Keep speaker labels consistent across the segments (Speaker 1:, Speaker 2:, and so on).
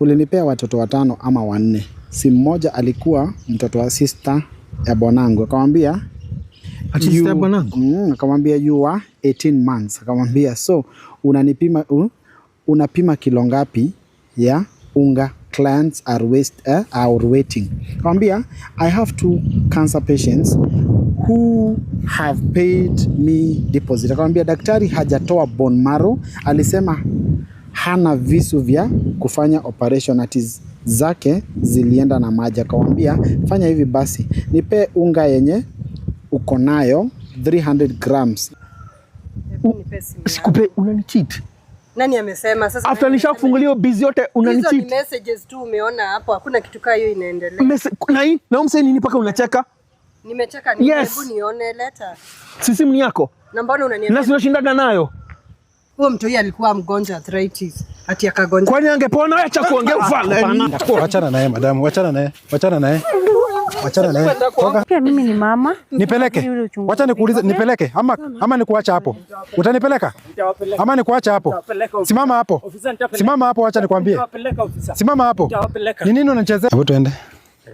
Speaker 1: Ulinipea watoto watano ama wanne, si mmoja alikuwa mtoto wa sista ya bwanangu, akamwambia
Speaker 2: mm,
Speaker 1: akamwambia you are 18 months, akamwambia so unanipima uh, unapima kilo ngapi ya unga clients are waste, uh, are waiting. Akamwambia I have two cancer patients who have paid me deposit. Akamwambia daktari hajatoa bone marrow, alisema hana visu vya kufanya operation ati zake zilienda na maji. Akamwambia, fanya hivi basi, nipe unga yenye uko nayo 300 grams.
Speaker 2: Sikupe, unanicheat.
Speaker 3: Nani amesema sasa?
Speaker 2: After nishakufungulia bizi yote unanicheat. Hizo ni
Speaker 3: messages tu umeona hapo, hakuna kitu kama hiyo inaendelea.
Speaker 2: Na hii na umsaini ni paka unacheka?
Speaker 3: Nimecheka ni hebu nione letter.
Speaker 2: Si simu yako. Na mbona unaniambia? Na unashindaga nayo.
Speaker 3: Huo mtoi alikuwa mgonjwa arthritis. Ati akagonja.
Speaker 2: Kwani angepona? Acha kuongea ah, ufala. Ah,
Speaker 1: ah, wachana naye madamu, wachana naye, wachana naye. Wachana naye.
Speaker 4: Pia mimi ni mama.
Speaker 2: Nipeleke. Wacha nikuulize, nipeleke eh? ama ama nikuacha hapo. Utanipeleka? Ama nikuacha hapo. Simama hapo. Simama hapo, acha nikwambie. Simama hapo. Ni nini unachezea?
Speaker 1: Hebu tuende.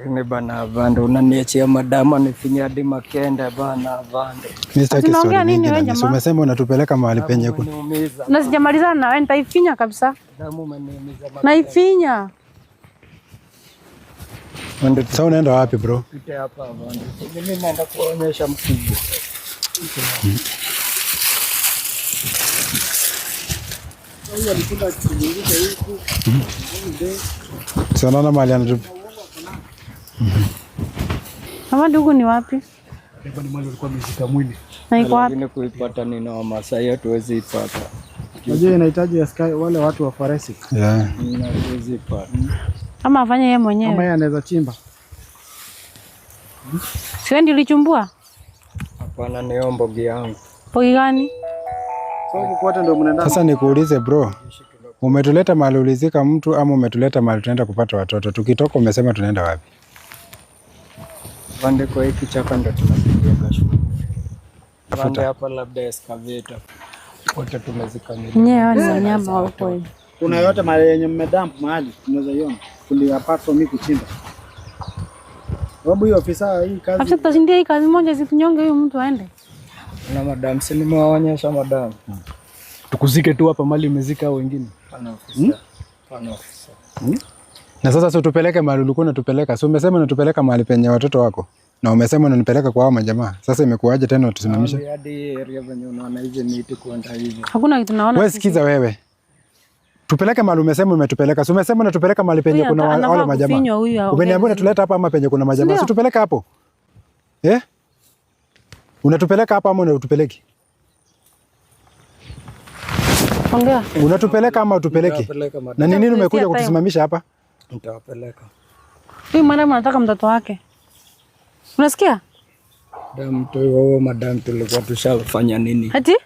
Speaker 5: Ni bana Vando unaniachia madama nifinya hadi Makenda bana Vando.
Speaker 1: Mimi sitaki tunaongea nini wewe jamaa? Umesema unatupeleka mahali penye huko.
Speaker 4: Na sijamalizana na wewe nitaifinya kabisa. Damu umeniumiza mabaya. Naifinya.
Speaker 1: Ndio sasa unaenda wapi bro? Pita hapa Vando. Mimi naenda kuonyesha mkubwa. Hmm. Sasa nana mali anatupa.
Speaker 4: Mama mhm. ndugu ni wapi?
Speaker 6: Ni ulikuwa mwili.
Speaker 4: Na wapi? Lakini
Speaker 5: kuipata ni noma, saa hii tuwezi ipata.
Speaker 6: Unajua inahitaji wale watu wa forensic.
Speaker 1: Yeah. Tuwezi
Speaker 4: ipata. Ama afanye yeye mwenyewe. Ama
Speaker 6: yeye anaweza chimba.
Speaker 4: Siwe ndio ulichumbua?
Speaker 5: Hapana, ni mbogi yangu.
Speaker 4: Mbogi gani?
Speaker 1: Sasa nikuulize bro, umetuleta mahali ulizika mtu ama umetuleta mahali tunaenda kupata watoto? Tukitoka umesema tunaenda wapi?
Speaker 5: Vande kwa hiki chapa ndo tunapigia kashfu. Vande hapa labda excavator. Wote tumezikamilisha.
Speaker 4: Nye ni wanyama wako kweli.
Speaker 6: Kuna yote mali yenye mmedamp mahali tunaweza iona. Kulia hapo mimi kuchimba. Wabu hiyo ofisa hii kazi.
Speaker 4: Acha tutashindia hii kazi moja zikunyonge huyo mtu aende.
Speaker 5: Na madam, si nimewaonyesha madam. Hmm.
Speaker 2: Tukuzike tu hapa mali umezika wengine.
Speaker 5: Pana ofisa. Hmm? Pana ofisa.
Speaker 1: Hmm? Na sasa si tupeleke mahali ulikuwa unatupeleka. Si umesema unatupeleka mahali penye watoto wako na umesema unanipeleka kwa hao majamaa. Sasa imekuwaje tena utusimamisha?
Speaker 4: Hakuna kitu naona.
Speaker 1: Wewe sikiza wewe. Tupeleke mahali umesema umetupeleka. Si umesema unatupeleka mahali penye kuna wale majamaa. Umeniambia unatuleta hapa ama penye kuna majamaa. Si tupeleke hapo. Eh? Unatupeleka hapa ama unatupeleki? Ongea. Unatupeleka ama utupeleki? Na nini umekuja kutusimamisha hapa? Nitawapeleka.
Speaker 4: Huyu madam anataka mtoto wake, unasikia?
Speaker 5: Mtoto madam, tulikuwa tushafanya nini? Ati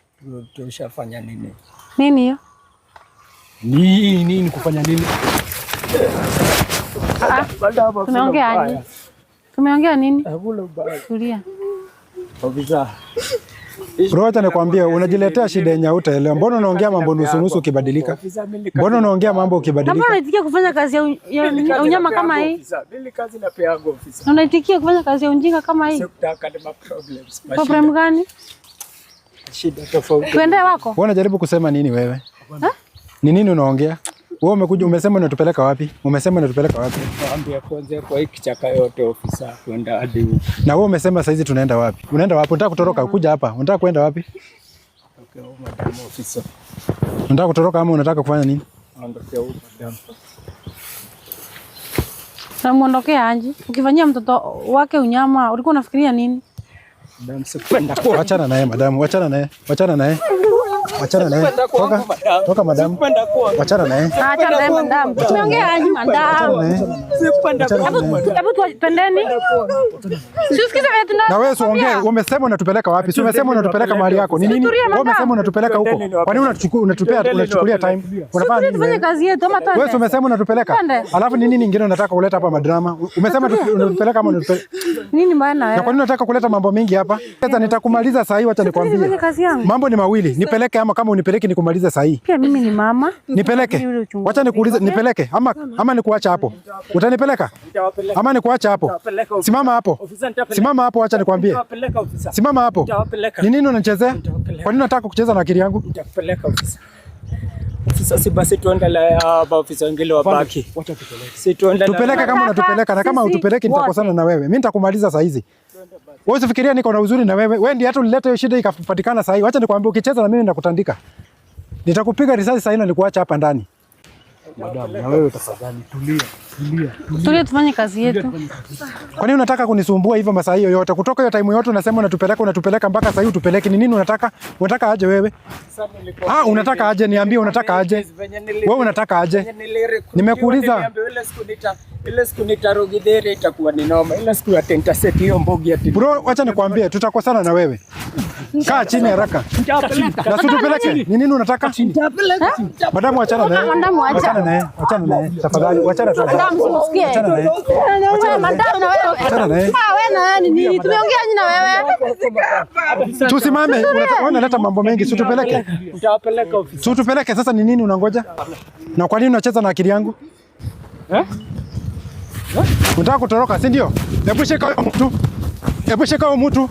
Speaker 5: tushafanya nini?
Speaker 4: Nini hiyo?
Speaker 1: Nini nini kufanya nini?
Speaker 4: Ah, tumeongea nini? Tulia. Ofisa.
Speaker 1: Rocha, nikwambie unajiletea shida yenye utaelewa. Mbona unaongea mambo nusu nusu ukibadilika? Mbona unaongea mambo ukibadilika?
Speaker 4: Mbona unaitikia kufanya kazi ya unyama kama hii? Unaitikia kufanya kazi ya unjinga kama hii? Problem gani? Shida tofauti. Tuende wako.
Speaker 1: Wewe unajaribu kusema nini wewe? Ni nini unaongea? Wewe umekuja umesema unatupeleka wapi? Umesema unatupeleka wapi?
Speaker 5: Naambia kwanza kwa hiki chaka yote ofisa kwenda hadi huko.
Speaker 1: Na wewe umesema saizi tunaenda wapi? Unaenda wapi? Unataka kutoroka kuja hapa? Unataka kwenda wapi? Okay, madam ofisa. Unataka kutoroka ama unataka kufanya nini? Naondokea huko madam.
Speaker 4: Na muondokea anji. Ukifanyia mtoto wake unyama, ulikuwa unafikiria nini?
Speaker 1: Madam, sikwenda. Achana naye madam, achana naye. Achana naye. Wachana naye. Toka. Toka madam. Wachana naye.
Speaker 4: Ah, Achana naye madam. Tumeongea aje madamu? Sikupenda kuona. Hebu twendeni. Sikiza wewe tuna.
Speaker 1: Na wewe usiongee. Umesema unatupeleka wapi? Si umesema unatupeleka mahali yako. Ni nini? Wewe umesema unatupeleka huko. Kwa nini unachukua unatupea unachukulia time?
Speaker 4: Unafanya nini? Tufanye kazi yetu ama twende.
Speaker 1: Wewe umesema unatupeleka. Alafu ni nini nyingine unataka kuleta hapa madrama? Umesema unatupeleka ama unatupeleka?
Speaker 4: Nini maana?
Speaker 1: Na kwa nini unataka kuleta mambo mengi hapa? Sasa nitakumaliza saa hii, acha nikwambie. Mambo ni mawili. Nipeleke nipeleke ama kama unipeleke nikumalize saa hii?
Speaker 4: Pia mimi ni mama.
Speaker 1: Nipeleke. Wacha nikuulize nipeleke ama ama nikuacha hapo. Utanipeleka? Ama nikuacha hapo. Simama hapo. Simama hapo acha nikwambie. Simama hapo. Ni nini unanichezea? Kwa nini unataka kucheza na akili yangu? Nitakupeleka ofisa.
Speaker 5: Sasa basi tuende la ah, ofisa wengine wabaki.
Speaker 1: Tupeleke kama unatupeleka na kama utupeleki nitakosana na wewe. Mimi nitakumaliza saa hizi. Wewe usifikiria niko na uzuri na wewe. Wewe ndiye hata ulileta hiyo shida ikapatikana sasa hivi. Acha nikwambie ukicheza na mimi nitakutandika. Nitakupiga risasi sasa hivi na nikuacha hapa ndani.
Speaker 5: Madamu, na wewe tafadhali tulia, tulia,
Speaker 4: tulia. tufanye kazi yetu.
Speaker 1: Kwa nini unataka kunisumbua hivyo masaa hiyo yote? Kutoka hiyo time yote unasema unatupeleka unatupeleka mpaka sasa hivi utupeleke. Ni nini unataka? Unataka aje wewe? Ah, unataka aje? Niambie unataka aje? Wewe unataka aje? Nimekuuliza.
Speaker 5: Ile siku itakuwa ni noma. Ile siku ya hiyo mbogi ya
Speaker 1: Bro, acha nikwambie tutakosana na wewe. Kaa chini haraka. Na situpeleke. Ni nini unataka? Madamu achana naye. Achana naye. Achana naye. Tafadhali achana tu. Madamu
Speaker 4: usikie. Achana naye. Madamu na wewe. Achana naye. Ah, wewe na nini? Tumeongea nyinyi na wewe.
Speaker 1: Tusimame. Unaleta mambo mengi. Situpeleke. Utawapeleka ofisi. Situpeleke. Sasa ni nini unangoja? Na kwa nini unacheza na akili yangu? Eh? Unataka kutoroka, si ndio? Hebu shika huyo mtu. Hebu shika mtu.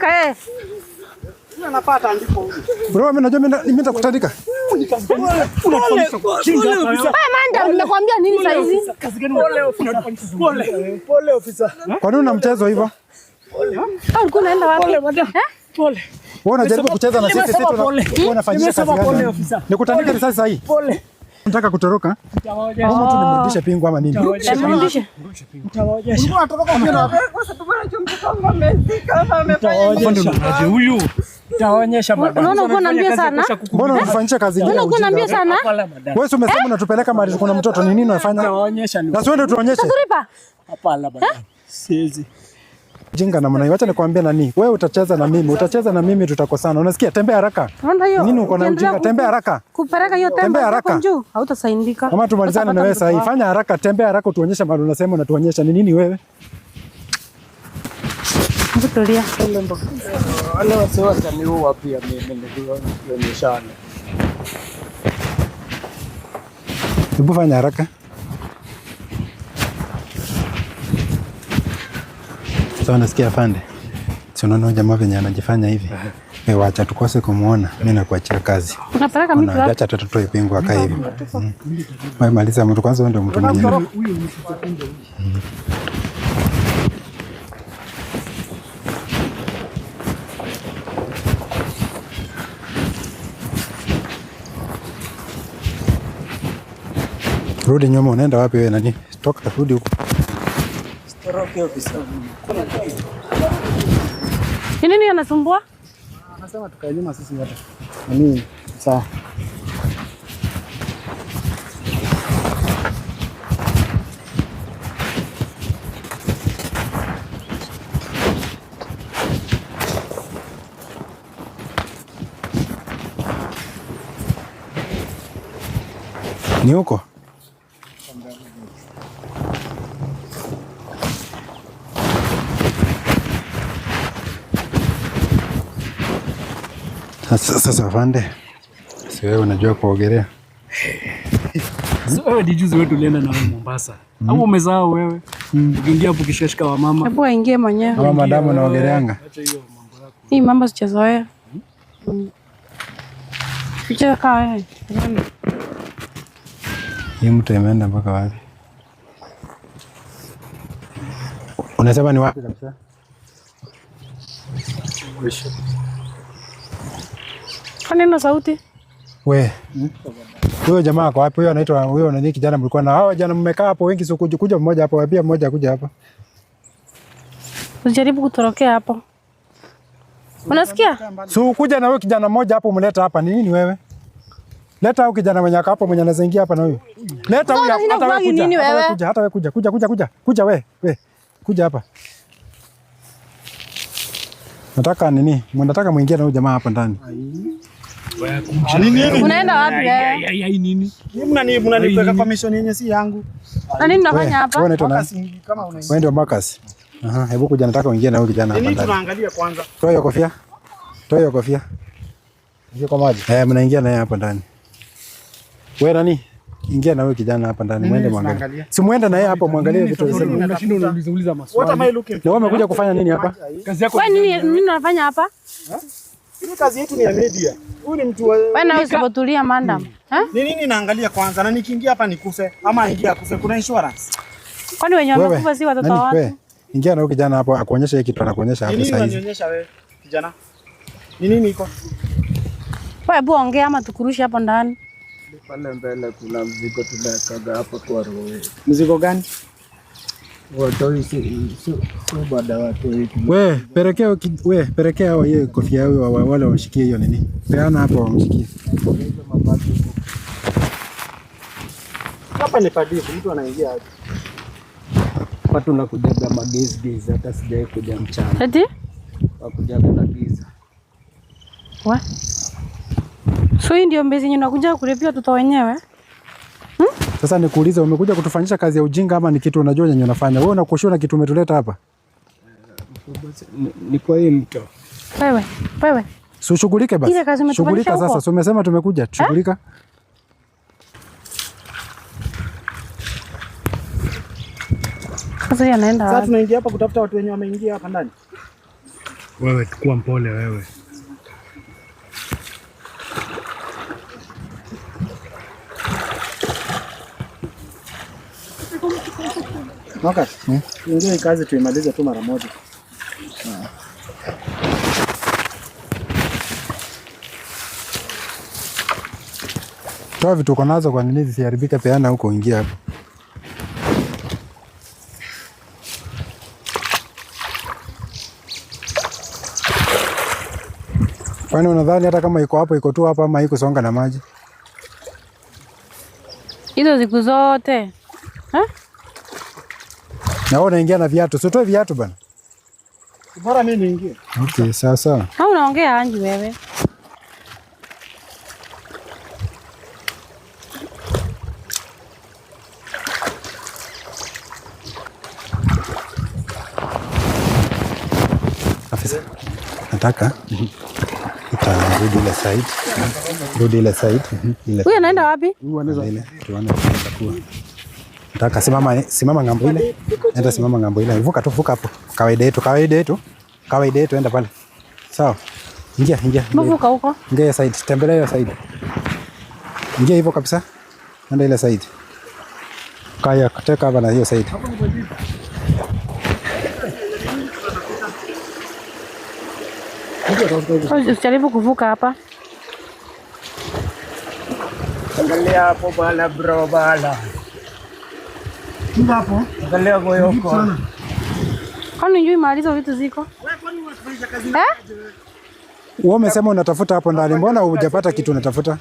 Speaker 1: kutandika eh. Napata ndipo. Bro, mimi najua mimi nitakutandika.
Speaker 4: Nimekwambia nini saa hizi?
Speaker 5: Pole
Speaker 1: ofisa. Kwa nini una mchezo hivyo?
Speaker 4: Au Ulikuwa unaenda wapi? Pole eh?
Speaker 1: Pole. Wewe unajaribu kucheza na sisi sisi tunafanyisha kazi gani? Nikutandike risasi saa hii. Pole. Nataka kutoroka. Nimrudishe pingu ama nini? Mbona unafanyisha kazi
Speaker 4: nyingi? Wewe
Speaker 1: umesema eh? unatupeleka mahali kuna mtoto, ni nini unafanya? Na sio tuonyeshe? Hapana bana. Siwezi. Jinga namna hiyo, acha nikwambie nani, wewe utacheza na mimi, utacheza na mimi tutakosana. Unasikia? Tembea haraka. Nini uko na ujinga? Tembea haraka,
Speaker 4: kupereka hiyo, tembea haraka, hautasaidika
Speaker 1: kama tumalizane na wewe sasa hivi. Fanya haraka, tembea haraka, tuonyeshe mahali unasema na unatuonyesha ni nini wewe.
Speaker 4: ni
Speaker 5: wewe wapi mimi nikuonyeshane.
Speaker 1: Tupo fanya haraka. Sasa unasikia afande, si unaona jamaa venye anajifanya hivi e, wacha tukose kumuona, mi nakuachia kazi, acha tutoe pingu akae hivi mm. maliza mtu kwanza, ndio mtu mwingine Rudi nyuma, unaenda wapi wewe? Nani toka, rudi huko.
Speaker 4: Ni nini anasumbua?
Speaker 5: Anasema tukae nyuma sisi wote. Mimi sawa.
Speaker 1: Ni huko? Sasa Fande, si wewe unajua kuogelea?
Speaker 2: ni juzi wetu tulienda na Mombasa. Au hmm. umezaa wewe? Hmm. Ukiingia hapo kishashika wa mama.
Speaker 4: Hebu aingie mwenyewe.
Speaker 1: Mama madamu naogeleanga. Acha hiyo
Speaker 4: mambo yako. Hii mambo sijazoea. Hmm. Picha kaa
Speaker 1: Hii mtu imeenda mpaka wapi? Unasema ni wapi kabisa?
Speaker 4: Fanena sauti.
Speaker 1: We. Huyo jamaa ako wapi? Huyo anaitwa huyo nani kijana mlikuwa na hao jana mmekaa hapo wengi sio kuja kuja mmoja hapo wapi mmoja kuja hapa.
Speaker 4: Usijaribu kutorokea hapo. Unasikia?
Speaker 1: Si kuja na wewe kijana mmoja hapo umeleta hapa ni nini wewe? Leta huyo kijana mwenye hapo mwenye anazaingia hapa na huyo. Leta huyo hapa hata wewe kuja. wewe? Kuja Hata wewe kuja. Kuja kuja kuja. Kuja wewe. Wewe. Kuja hapa. Nataka nini? Mnataka muingie na huyo jamaa hapa ndani.
Speaker 4: Unaenda wapi
Speaker 6: Mnanipeleka kwa mission yenye si yangu.
Speaker 4: Na nini unafanya hapa?
Speaker 1: Wewe ndio Marcus. Aha, hebu kuja nataka uingie na huyu kijana
Speaker 6: hapa ndani. Tunaangalia kwanza.
Speaker 1: Toa hiyo kofia. Toa hiyo kofia. Ingia kwa maji. Eh, mnaingia naye hapa ndani. Wewe nani? Ingia na wewe kijana hapa ndani, muende mwangalie. Si muende na yeye hapa mwangalie vitu vizuri. Unashinda unauliza uliza maswali. Na wewe umekuja kufanya nini hapa?
Speaker 4: Kazi yako. Wewe nini unafanya hapa?
Speaker 6: Hii kazi yetu ni ya media. Huyu ni
Speaker 4: mtu wewe usipotulia hmm.
Speaker 6: Ha? Ni nini naangalia kwanza na nikiingia hapa nikufe ama ingia akufe kuna insurance.
Speaker 4: Kwani wenye wamekufa si watoto wa watu?
Speaker 1: Ingia na huyo kijana hapo akuonyesha hiki kitu anakuonyesha
Speaker 6: hapo sasa hivi. Nini unanionyesha wewe kijana? Ni nini iko?
Speaker 4: Wewe hebu ongea ama tukurushe hapo ndani.
Speaker 5: Pale mbele kuna mzigo tumekaga hapo kwa roho. Mzigo gani? We
Speaker 1: pelekea we pelekea hiyo kofia yao wale wamshikie hiyo nini. Peana hapo wamshikie.
Speaker 6: Hapa ni padi mtu anaingia hapo.
Speaker 5: Hapa tunakujaga magezi giza hata sijai kuja mchana. Ati? Wakujaga na giza.
Speaker 4: Wa? So hii ndio mbezi yenye nakuja kulipia watoto wenyewe.
Speaker 1: Sasa nikuulize, umekuja kutufanyisha kazi ya ujinga ama ni kitu unajua nyenye unafanya wewe? Unakushona kitu umetuleta hapa
Speaker 5: ni kwa hii mto.
Speaker 4: Wewe, wewe.
Speaker 1: Si ushughulike basi. Ile kazi umetufanyisha huko. Sasa umesema tumekuja, eh? shughulika.
Speaker 4: Sasa
Speaker 6: tunaingia hapa kutafuta watu wenye wameingia hapa ndani.
Speaker 1: Wewe, chukua mpole wewe.
Speaker 6: Okay. Hmm. kazi tuimalize tu mara moja.
Speaker 1: Toa vitu uko nazo kwa nini zisiharibike, peana huko, ingia hapo. Kwani unadhani hata kama iko hapo iko tu hapo ama iko songa na maji?
Speaker 4: Hizo siku zote. Eh?
Speaker 1: Na wewe unaingia na viatu, si utoe viatu bwana.
Speaker 6: Bora mimi niingie.
Speaker 1: Okay, sawa sawa.
Speaker 4: Au unaongea anji wewe.
Speaker 1: Afisa, nataka rudi ile side. Rudi ile side.
Speaker 4: Huyu anaenda wapi? Huyu anaweza. Tuone
Speaker 1: kwa Nataka simama, simama ngambo ile. Enda simama ngambo ile. Vuka tu, vuka hapo. Kawaida yetu, kawaida yetu. Kawaida yetu enda pale. Sawa. Ingia, ingia.
Speaker 4: Mvuka huko.
Speaker 1: Ingia ya side. Tembelea hiyo side. Ingia hivyo kabisa. Enda ile side. Kaya kuteka hapa na hiyo side.
Speaker 4: Usijaribu kuvuka hapa.
Speaker 5: Angalia hapo bala bro bala.
Speaker 6: Shida hapo. Eh?
Speaker 5: Angalia moyo wako.
Speaker 4: Kwani unajui mahali vitu ziko?
Speaker 1: Eh? Wewe umesema unatafuta hapo ndani, mbona hujapata kitu unatafuta?